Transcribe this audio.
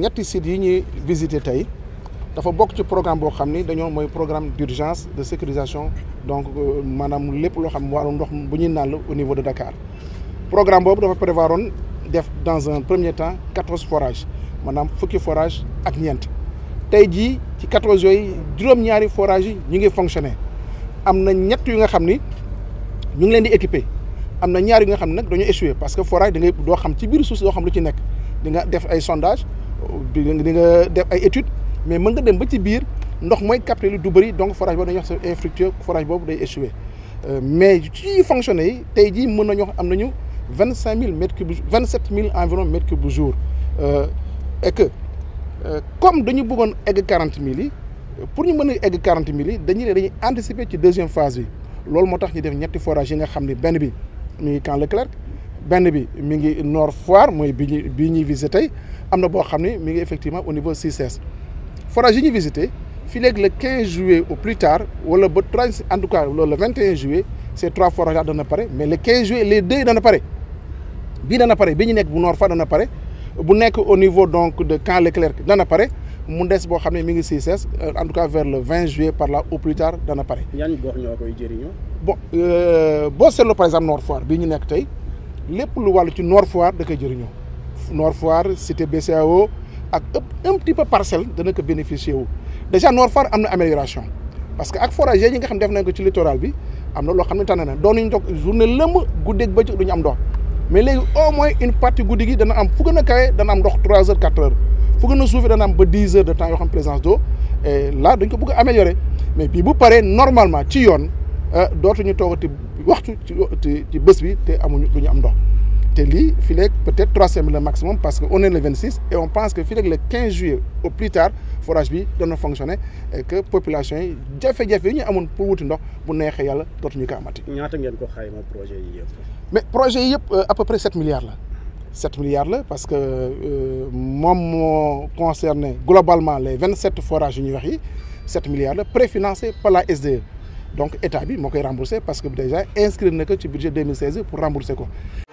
ñetti sites yi ñuy visité tey dafa bokk ci programme boo xam ni dañoo mooy programme d'urgence de sécurisation donc euh, maanaam lépp loo xam wàllu ndox bu ñuy naan au niveau de Dakar le programme boobu dafa prévoiroon def dans un premier temps quatorze forages maanaam fukki forage ak ñeent tey jii ci quatorze yooyu juróom-ñaari forage yi ñu ngi fonctionner am na ñett yu nga xam ni ñu ngi leen di équiper am na ñaar yu nga xam ne nag dañoo échoué parce que forage da xam ci biir suuf doo xam lu ci nekk di nga def ay sondage di nga def ay étude mais mën nga dem ba ci biir ndox mooy capté lu du bëri donc forage boobu dañuy wax sa infructueux forage boobu day échoué euh, mais ci fonctionné yi tey jii mën na wax am nañu vingt cinq mille mètres cubes vingt sept mille environ mètres bu jour euh, et euh, comme dañu bëggoon egg quarante mille yi pour ñu mën a egg quarante mille yi dañuy ne dañuy anticiper ci deuxième phase bi loolu moo tax ñu def ñetti forage yi nga xam ne benn bi muy Camp Leclerc benn bi mi ngi Nord Foire mooy bi ñu bi ñuy visité am na boo xam ne mi ngi effectivement au niveau CICES forage yi ñuy visité fii léegi le 15 juillet au plus tard wala ba 30 en tout cas loolu le 21 juillet ces trois forages là dana pare mais le 15 juillet les deux dana pare bii dana pare bi ñu nekk bu noor Foire dana pare bu nekk au niveau donc de Camp Leclerc dana pare mu des boo xam ne mi ngi CICES en tout cas vers le 20 juillet par là au plus tard dana pare. yan gox ñoo koy jëriñoo. Euh, boo seetloo par exemple Nord bii ñu nekk tey. lépp lu wàllu ci Nord Foire da koy jëriñoo Nord Foire cité BCAO ak ëpp un petit peu parcelle dana ko bénéficier wu déjà Nord Foire am na amélioration parce que ak forage yi nga xam def nañ ko ci littoral bi am na loo xam ne tànn na doon nañ toog journée lëmm guddeeg bëccëg am ndox mais léegi au moins une partie guddi gi dana am fu gën a kawe dana am ndox 3 heures 4 heures fu gën a dana am ba 10 heures de temps yoo xam présence d'eau et là dañ ko bëgg bii bu paree normalement ci yoon euh, dootuñu toogati. waxtu ci ci bés bi te amuñu du ñu am ndox te lii fii léegi peut-être trois semaines le maximum parce que on est le 26 et on pense que fii léegi le 15 juillet au plus tard forage bi dana fonctionner et que population yi jafe-jafe yi ñu amoon pour wuti ndox bu neexee yàlla dootuñu ko amati. ñaata ngeen ko xayma projet yi yëpp. mais projet yi yëpp euh, à peu près 7 milliards la. 7 milliards la parce que euh, moom euh, moo concerné globalement les 27 forages yu ñuy wax yi 7 milliards la préfinancé par la donc état bi moo koy remboursé parce que déjà inscrire na ko ci budget 2016 pour ko